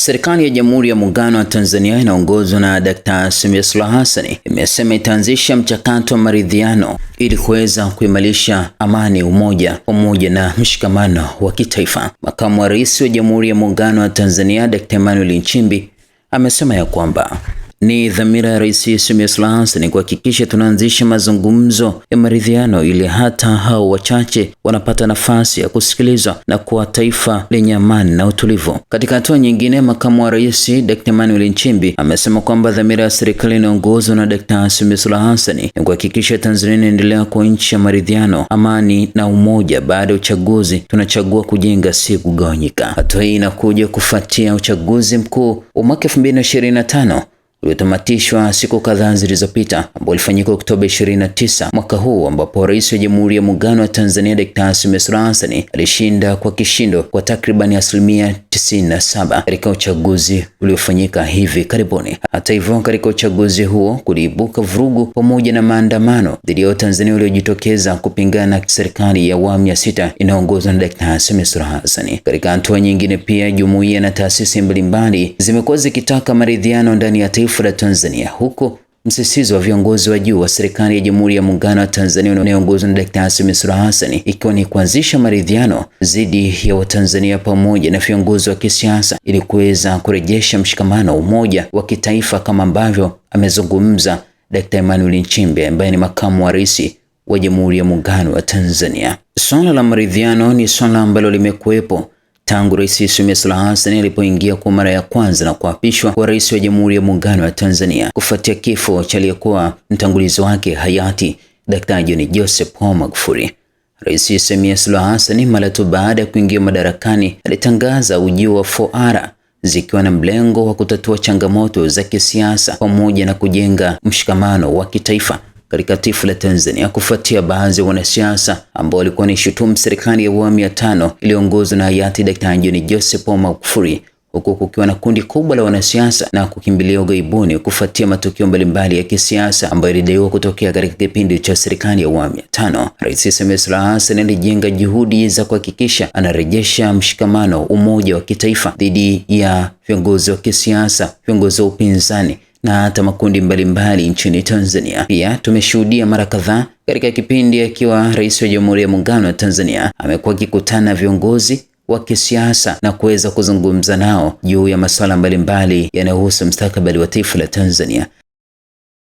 Serikali ya Jamhuri ya Muungano wa Tanzania inaongozwa na Dkt. Samia Suluhu Hassan imesema itaanzisha mchakato wa maridhiano ili kuweza kuimarisha amani, umoja pamoja na mshikamano wa kitaifa. Makamu wa Rais wa Jamhuri ya Muungano wa Tanzania Dkt. Emmanuel Nchimbi amesema ya kwamba ni dhamira ya Rais Samia Suluhu Hassan kuhakikisha tunaanzisha mazungumzo ya maridhiano ili hata hao wachache wanapata nafasi ya kusikilizwa na kuwa taifa lenye amani na utulivu. Katika hatua nyingine, makamu wa rais Dkt. Emmanuel Nchimbi amesema kwamba dhamira ya serikali inaongozwa na Dkt. Samia Suluhu Hassan ni kuhakikisha Tanzania inaendelea kuwa nchi ya maridhiano, amani na umoja. Baada ya uchaguzi, tunachagua kujenga, si kugawanyika. Hatua hii inakuja kufuatia uchaguzi mkuu wa mwaka 2025 uliotamatishwa siku kadhaa zilizopita ambao ulifanyika Oktoba 29 mwaka huu, ambapo Rais wa Jamhuri ya Muungano wa Tanzania Dkt. Samia Suluhu Hassan alishinda kwa kishindo kwa takribani asilimia 97 katika uchaguzi uliofanyika hivi karibuni. Hata hivyo, katika uchaguzi huo kuliibuka vurugu pamoja na maandamano dhidi ya Watanzania waliojitokeza kupingana na serikali ya awamu ya sita inayoongozwa na Dkt. Samia Suluhu Hassan. Katika hatua nyingine, pia jumuiya na taasisi mbalimbali zimekuwa zikitaka maridhiano ndani ya taifa taifa la Tanzania, huku msisitizo wa viongozi wa juu wa serikali ya Jamhuri ya Muungano wa Tanzania unayoongozwa na Daktari Samia Suluhu Hassan ikiwa ni kuanzisha maridhiano dhidi ya Watanzania pamoja na viongozi wa kisiasa ili kuweza kurejesha mshikamano, umoja wa kitaifa kama ambavyo amezungumza Daktari Emmanuel Nchimbi ambaye ni makamu wa rais wa Jamhuri ya Muungano wa Tanzania. Swala la maridhiano ni swala ambalo limekuwepo Tangu Rais Samia Suluhu Hassan alipoingia kwa mara ya kwanza na kuapishwa kwa rais wa Jamhuri ya Muungano wa Tanzania kufuatia kifo cha aliyekuwa mtangulizi wake hayati Daktari John Joseph Pombe Magufuli, Rais Samia Suluhu Hassan mara tu baada ya kuingia madarakani alitangaza ujio wa 4R zikiwa na mlengo wa kutatua changamoto za kisiasa pamoja na kujenga mshikamano wa kitaifa katika taifa la Tanzania kufuatia baadhi ya wanasiasa ambao walikuwa ni shutumu serikali ya awamu ya tano iliyoongozwa na hayati Daktari John Joseph Pombe Magufuli huku kukiwa na kundi kubwa la wanasiasa na kukimbilia ughaibuni kufuatia matukio mbalimbali ya kisiasa ambayo ilidaiwa kutokea katika kipindi cha serikali ya awamu ya tano. Rais Samia Suluhu Hassan alijenga juhudi za kuhakikisha anarejesha mshikamano, umoja wa kitaifa dhidi ya viongozi wa kisiasa, viongozi wa upinzani na hata makundi mbalimbali nchini Tanzania. Pia tumeshuhudia mara kadhaa katika kipindi akiwa rais wa Jamhuri ya Muungano wa Tanzania amekuwa akikutana viongozi wa kisiasa na kuweza kuzungumza nao juu ya masuala mbalimbali yanayohusu mstakabali wa taifa la Tanzania.